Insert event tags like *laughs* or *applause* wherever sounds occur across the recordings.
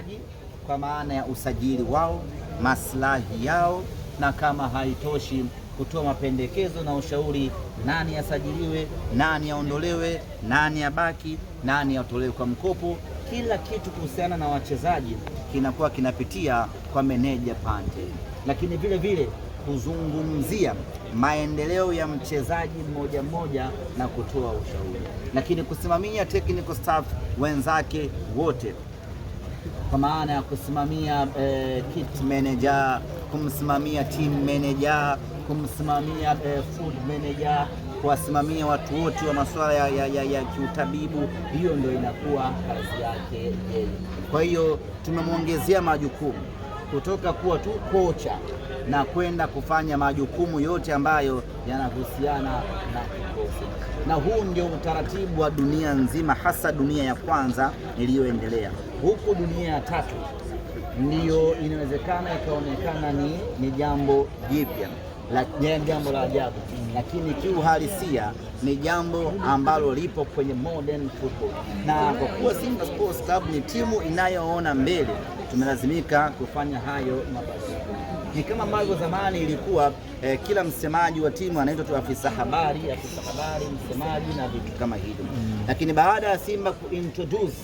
mtaji kwa maana ya usajili wao, maslahi yao, na kama haitoshi kutoa mapendekezo na ushauri, nani asajiliwe, nani aondolewe, nani abaki, nani atolewe kwa mkopo. Kila kitu kuhusiana na wachezaji kinakuwa kinapitia kwa meneja Pante, lakini vile vile kuzungumzia maendeleo ya mchezaji mmoja mmoja na kutoa ushauri, lakini kusimamia technical staff wenzake wote kwa maana ya kusimamia eh, kit manager, kumsimamia team manager, kumsimamia eh, food manager, kuwasimamia watu wote wa masuala ya, ya, ya, ya kiutabibu. Hiyo ndio inakuwa kazi yake yeye. Kwa hiyo tumemwongezea majukumu kutoka kuwa tu kocha na kwenda kufanya majukumu yote ambayo yanahusiana na kikosi. Na huu ndio utaratibu wa dunia nzima, hasa dunia ya kwanza iliyoendelea. Huku dunia ya tatu ndiyo inawezekana ikaonekana ni, ni jambo jipya jambo la ajabu, lakini kiuhalisia ni jambo ambalo lipo kwenye modern football, na kwa kuwa Simba Sports Club ni timu inayoona mbele, tumelazimika kufanya hayo mabadiliko. Ni kama ambavyo zamani ilikuwa eh, kila msemaji wa timu anaitwa tu afisa habari, afisa habari, msemaji na vitu kama hivyo mm. Lakini baada ya Simba kuintroduce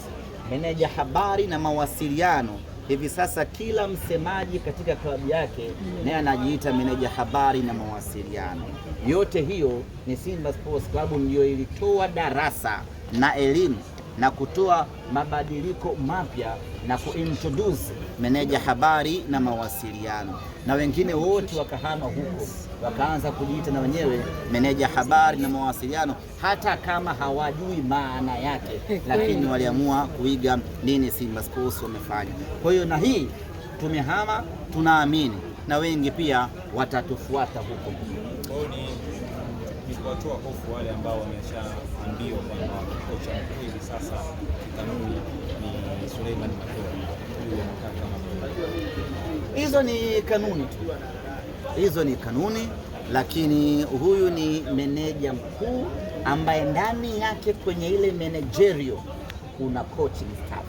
meneja habari na mawasiliano hivi sasa kila msemaji katika klabu yake naye anajiita meneja habari na mawasiliano. Yote hiyo ni Simba Sports Club ndio ilitoa darasa na elimu na kutoa mabadiliko mapya na kuintroduce meneja habari na mawasiliano, na wengine wote wakahama huko wakaanza kujiita na wenyewe meneja habari na mawasiliano, hata kama hawajui maana yake, *laughs* lakini waliamua kuiga nini Simba Sports wamefanya. Kwa hiyo na hii tumehama, tunaamini na wengi pia watatufuata huko ni kuwatoa hofu wale ambao wameshaambiwa kwamba kocha mkuu sasa kanuni ni Suleiman Hizo ni kanuni tu, hizo ni kanuni, lakini huyu ni meneja mkuu ambaye ndani yake kwenye ile menejerio kuna coaching staff,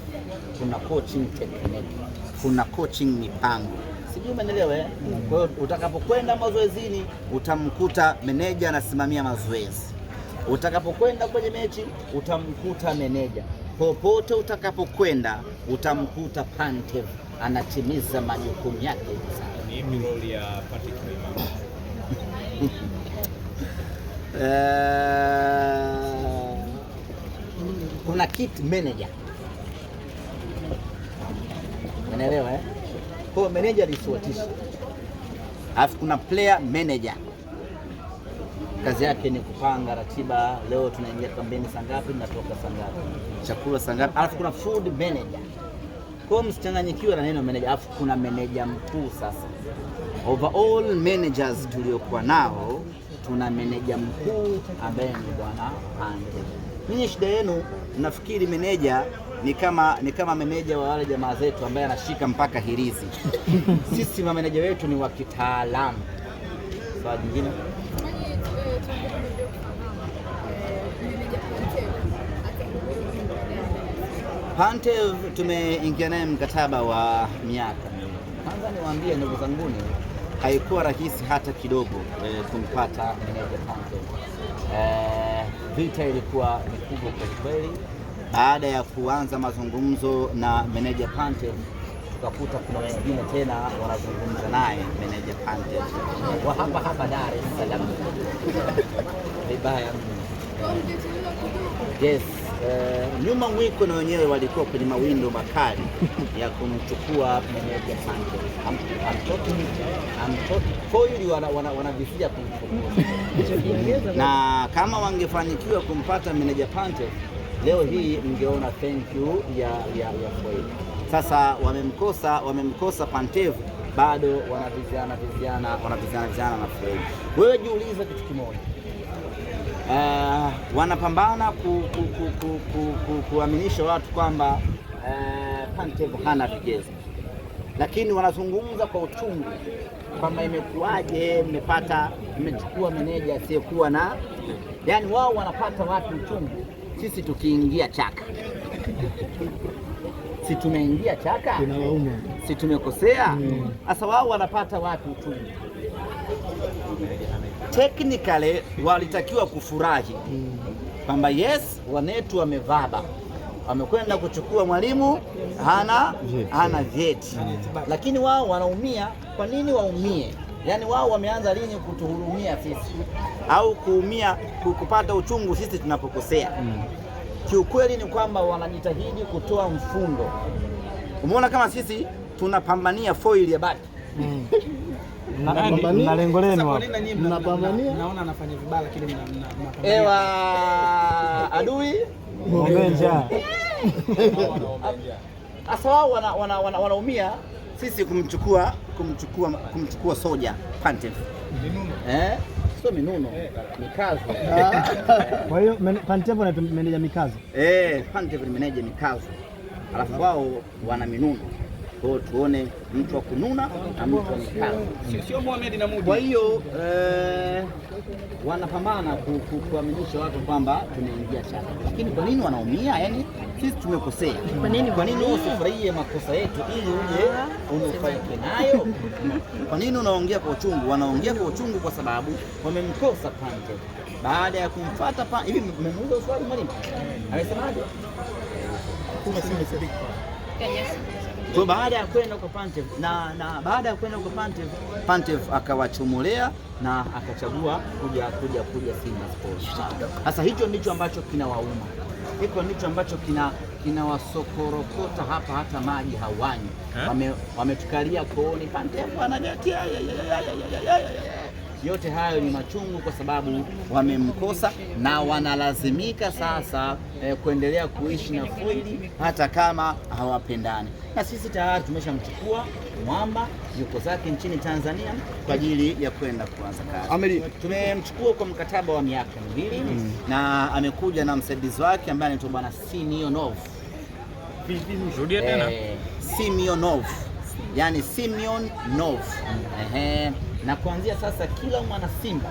kuna coaching technique, kuna coaching mipango sijui umeelewa eh? Kwa hiyo utakapokwenda mazoezini utamkuta meneja anasimamia mazoezi Utakapokwenda kwenye mechi utamkuta meneja, popote utakapokwenda utamkuta Pantev anatimiza majukumu yake. *laughs* Eh, kuna kit manager, unaelewa eh? Kwa manager alifuatisha, alafu kuna player manager kazi yake ni kupanga ratiba, leo tunaingia kambeni saa ngapi, sangapi saa ngapi, chakula saa ngapi, alafu kuna food manager kwa msichanganyikiwe na neno manager, alafu kuna meneja mkuu. Sasa overall managers tuliokuwa nao, tuna meneja mkuu ambaye ni bwana Andre. Ninyi shida yenu nafikiri meneja ni kama ni kama meneja wa wale jamaa zetu ambaye anashika mpaka hirizi. *laughs* Sisi mameneja wetu ni wa kitaalamu. Swali jingine pante tumeingia naye mkataba wa miaka kwanza. Niwaambie ndugu zanguni, haikuwa rahisi hata kidogo e, kumpata meneja pante E, eh, vita ilikuwa mikubwa kwa kweli. Baada ya kuanza mazungumzo na meneja pante tukakuta kuna wengine tena wanazungumza naye meneja Pante wa hapa hapa Dar es Salaam *laughs* vibaya mno. Yes. Eh, nyuma mwiko na wenyewe walikuwa kwenye mawindo makali *laughs* ya kumchukua meneja Sancho. Foili wanavifia kumchukua, *laughs* na kama wangefanikiwa kumpata meneja Pante leo hii mngeona thank you ya, ya, ya Foili. Sasa wamemkosa, wamemkosa Pantev bado wanaviziana viziana na Foili. Wewe jiulize kitu kimoja uh, wanapambana ku, ku, ku, ku, ku, ku, kuaminisha watu kwamba uh, Pantev hana vigezo, lakini wanazungumza kwa uchungu kwamba imekuwaje mmepata mmechukua meneja asiyekuwa na, yani wao wanapata watu uchungu, sisi tukiingia chaka *laughs* si tumeingia chaka, si tumekosea? Mm. Sasa wao wanapata watu uchungu technically walitakiwa kufurahi kwamba yes, wanetu wamevaba, wamekwenda kuchukua mwalimu hana hana vyeti, lakini wao wanaumia. Kwa nini waumie? Yaani wao wameanza lini kutuhurumia sisi au kuumia kupata uchungu sisi tunapokosea? mm. Kiukweli ni kwamba wanajitahidi kutoa mfundo. Umeona kama sisi tunapambania foil ya bati mm. *laughs* na lengo lenu mnapambania. Naona anafanya vibaya, lakini ewa adui muombee njaa. *laughs* Asa wao wanaumia, sisi kumchukua kumchukua kumchukua soja Pantev eh, sio minuno, mikazo. *laughs* Kwa hiyo Pantev ni meneja mikazo eh, Pantev ni meneja mikazo, alafu wao wana minuno kwa hiyo tuone mtu wa kununa na mtu wa nidhamu, sio Mohamed na Mudi. Kwa hiyo eh, wanapambana kuaminisha watu kwamba tumeingia chama, lakini kwa nini wanaumia? Yani sisi tumekosea, kwa nini usifurahie makosa yetu ili uje unufaike nayo? Kwa nini unaongea kwa uchungu? Wanaongea kwa uchungu kwa sababu wamemkosa Pante baada ya kumfuata pa... Hivi mmemuuliza swali mwalimu, amesemaje? Kwa baada ya kwenda kwa Pantev na, na baada ya kwenda kwa Pantev, Pantev akawachomolea na akachagua kuja kuja kuja Simba Sports. Sasa hicho ndicho ambacho kinawauma, hiko ndicho ambacho kina kinawasokorokota hapa, hata maji hawanyi eh? wame wametukalia kooni. Pantev anagatia yote hayo ni machungu, kwa sababu wamemkosa na wanalazimika sasa eh, kuendelea kuishi na Fudi hata kama hawapendani. Na sisi tayari tumeshamchukua Mwamba, yuko zake nchini Tanzania kwa ajili ya kwenda kuanza kazi. Tumemchukua kwa mkataba wa miaka miwili mm. na amekuja na msaidizi wake ambaye anaitwa bwana Simionov. Rudia tena. Eh, Simionov. Yaani Simeon Nov. Ehe. Na kuanzia sasa kila mwana Simba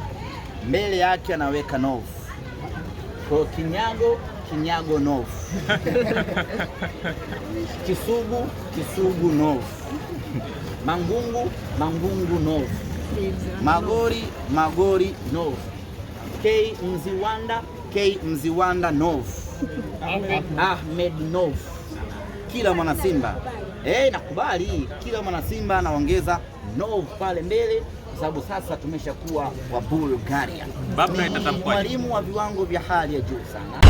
mbele yake anaweka Nov. Kwa Kinyago Kinyago North Kisugu, Kisugu North Mangungu, Mangungu North Magori, Magori North K Mziwanda, K Mziwanda North Ahmed North. Kila mwana Simba eh, nakubali, kila mwana Simba anaongeza North pale mbele sababu sasa tumeshakuwa wa Bulgaria, mwalimu wa viwango vya hali ya juu sana.